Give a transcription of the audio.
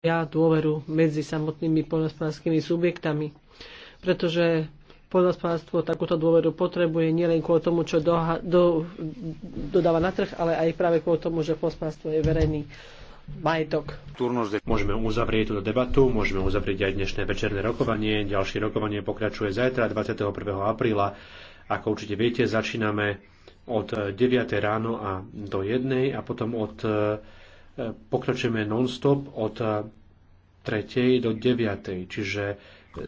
ja dôveru medzi samotnými poľnohospodárskymi subjektami, pretože poľnospodárstvo takúto dôveru potrebuje nielen kvôli tomu, čo doha- do- dodáva na trh, ale aj práve kvôli tomu, že poľnospodárstvo je verejný majetok. Môžeme uzavrieť túto debatu, môžeme uzavrieť aj dnešné večerné rokovanie. Ďalšie rokovanie pokračuje zajtra 21. apríla. Ako určite viete, začíname od 9. ráno a do 1. a potom od pokračujeme non-stop od 3. do 9. Čiže